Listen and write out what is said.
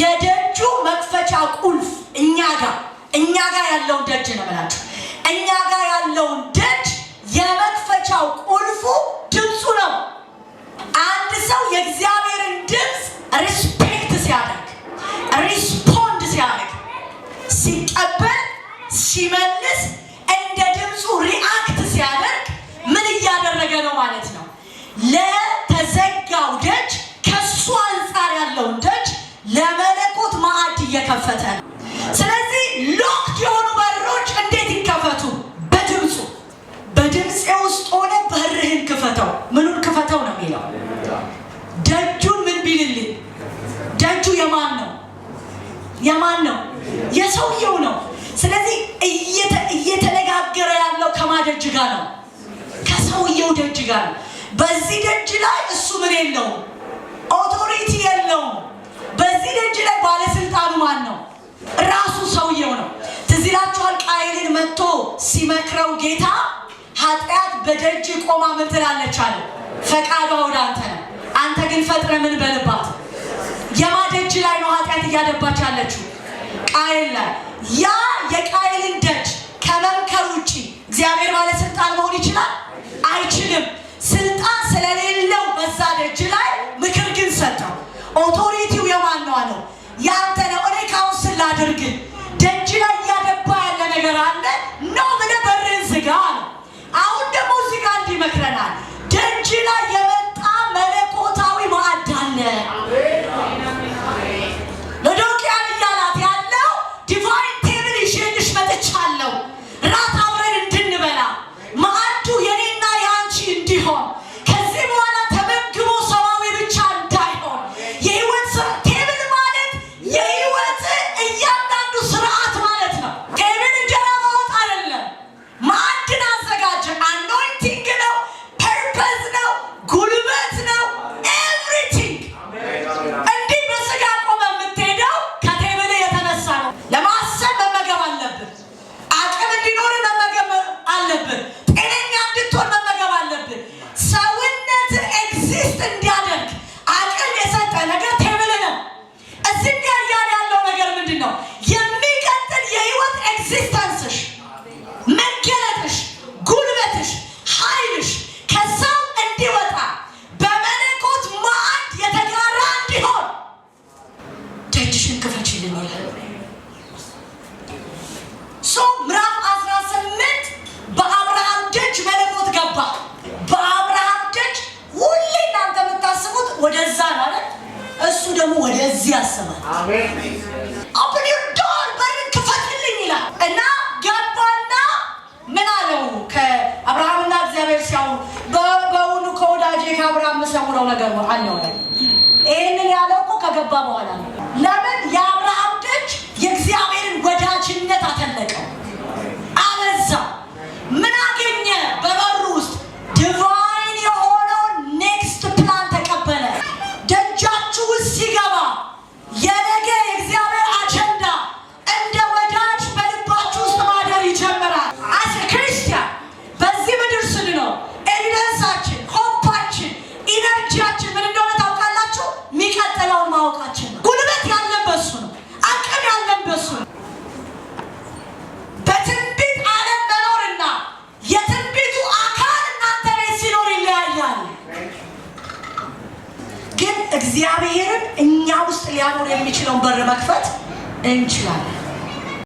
የደጁ መክፈቻ ቁልፍ እኛ ጋር እኛ ጋር ያለውን ደጅ ነው የምላችሁ። እኛ ጋር ያለውን ደጅ የመክፈቻው ቁልፉ ድምፁ ነው። አንድ ሰው የእግዚአብሔርን ድምፅ ሪስፔክት ሲያደርግ፣ ሪስፖንድ ሲያደርግ፣ ሲቀበል፣ ሲመልስ፣ እንደ ድምፁ ሪአክት ሲያደርግ ምን እያደረገ ነው ማለት ነው? እየተከፈተ ስለዚህ ሎክድ የሆኑ በሮች እንዴት ይከፈቱ? በድምፁ በድምፅ ውስጥ ሆነ በርህን ክፈተው። ምኑን ክፈተው ነው የሚለው ደጁን ምን ቢልልኝ? ደጁ የማን ነው? የማን ነው? የሰውየው ነው። ስለዚህ እየተነጋገረ ያለው ከማደጅ ጋር ነው፣ ከሰውየው ደጅ ጋር ነው። በዚህ ደጅ ላይ እሱ ምን የለውም ሲመክረው ጌታ ኃጢአት በደጅ ቆማ ምን ትላለች አለ። ፈቃዷ ወደ አንተ ነው። አንተ ግን ፈጥረ ምን በልባት። የማደጅ ላይ ነው ኃጢአት እያደባች ያለችው ቃይል ላይ። ያ የቃይልን ደጅ ከመምከር ውጭ እግዚአብሔር ባለስልጣን መሆን ይችላል አይችልም። ስልጣን ስለሌለው በዛ ደጅ ላይ ምክር ግን ሰጠው። ኦቶሪቲው የማን ነው? ያንተ ነው። እኔ ካውንስል ላድርግ። ደጅ ላይ እያደባ ያለ ነገር አለ ነው ልጅሽን ክፈችልን ይላል። ምዕራፍ በአብርሃም ደጅ መለኮት ገባ። በአብርሃም ደጅ ሁሌ እናንተ የምታስቡት ወደዛ ማለት እሱ ደግሞ ወደዚህ ያስባል። አብን ዶር በር ክፈትልኝ ይላል እና ገባና ምን አለው ከአብርሃምና እግዚአብሔር ከወዳጄ ከአብርሃም ነገር አለው። ይህንን ያለው እኮ ከገባ በኋላ ነው። Lemon, Yahweh. ግን እግዚአብሔርን እኛ ውስጥ ሊያኖር የሚችለውን በር መክፈት እንችላለን።